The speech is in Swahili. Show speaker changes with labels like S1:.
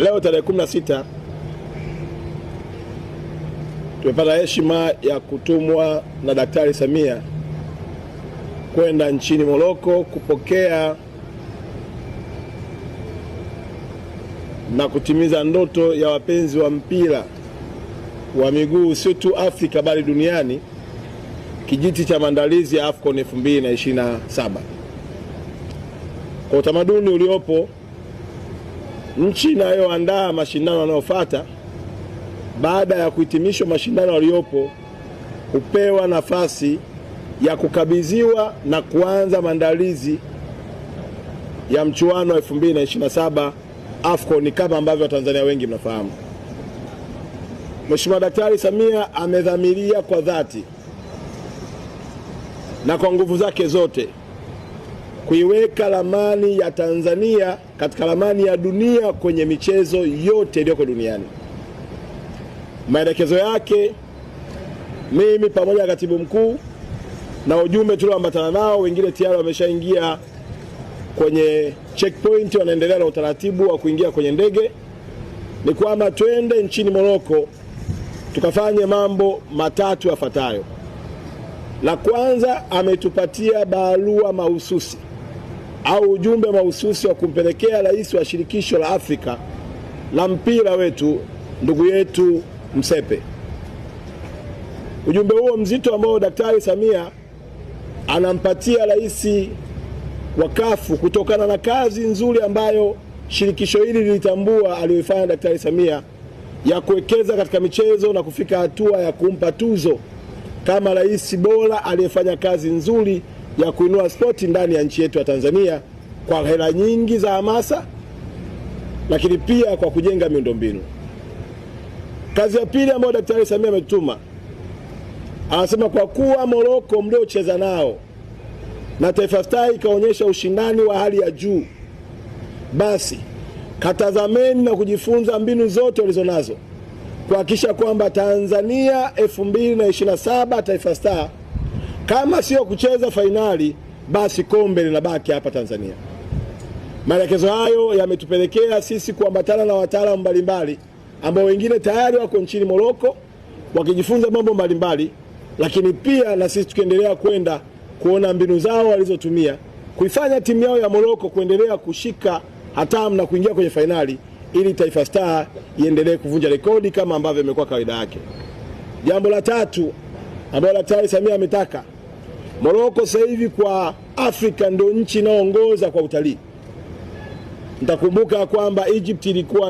S1: leo tarehe 16 tumepata heshima ya kutumwa na Daktari Samia kwenda nchini Moroko kupokea na kutimiza ndoto ya wapenzi wa mpira wa miguu sio tu Afrika bali duniani, kijiti cha maandalizi ya AFCON 2027 kwa utamaduni uliopo nchi inayoandaa mashindano yanayofuata baada ya kuhitimishwa mashindano yaliyopo hupewa nafasi ya kukabidhiwa na kuanza maandalizi ya mchuano wa 2027 AFCON kama ambavyo Watanzania wengi mnafahamu. Mheshimiwa Daktari Samia amedhamiria kwa dhati na kwa nguvu zake zote kuiweka ramani ya Tanzania katika ramani ya dunia kwenye michezo yote iliyoko duniani. Maelekezo yake mimi pamoja na katibu mkuu na ujumbe tulioambatana nao, wengine tayari wameshaingia kwenye checkpoint, wanaendelea na utaratibu wa kuingia kwenye ndege, ni kwamba twende nchini Moroko tukafanye mambo matatu yafuatayo. La kwanza, ametupatia barua mahususi au ujumbe mahususi wa kumpelekea rais wa shirikisho la Afrika la mpira wetu ndugu yetu Msepe. Ujumbe huo mzito ambao Daktari Samia anampatia rais wa kafu kutokana na kazi nzuri ambayo shirikisho hili lilitambua aliyoifanya Daktari Samia ya kuwekeza katika michezo na kufika hatua ya kumpa tuzo kama rais bora aliyefanya kazi nzuri ya kuinua spoti ndani ya nchi yetu ya Tanzania kwa hela nyingi za hamasa, lakini pia kwa kujenga miundombinu. Kazi ya pili ambayo Daktari Samia ametuma anasema, kwa kuwa Moroko mliocheza nao na Taifa Stars ikaonyesha ushindani wa hali ya juu, basi katazameni na kujifunza mbinu zote walizonazo kuhakikisha kwamba Tanzania 2027 Taifa Stars kama sio kucheza fainali, basi kombe linabaki hapa Tanzania. Maelekezo hayo yametupelekea sisi kuambatana na wataalamu mbalimbali ambao wengine tayari wako nchini Moroko wakijifunza mambo mbalimbali, lakini pia na sisi tukiendelea kwenda kuona mbinu zao walizotumia kuifanya timu yao ya Moroko kuendelea kushika hatamu na kuingia kwenye fainali ili Taifa Star iendelee kuvunja rekodi kama ambavyo imekuwa kawaida yake. Jambo la tatu ambalo Daktari Samia ametaka Moroko sasa hivi kwa Afrika ndio nchi inayoongoza kwa utalii. Mtakumbuka kwamba Egypt ilikuwa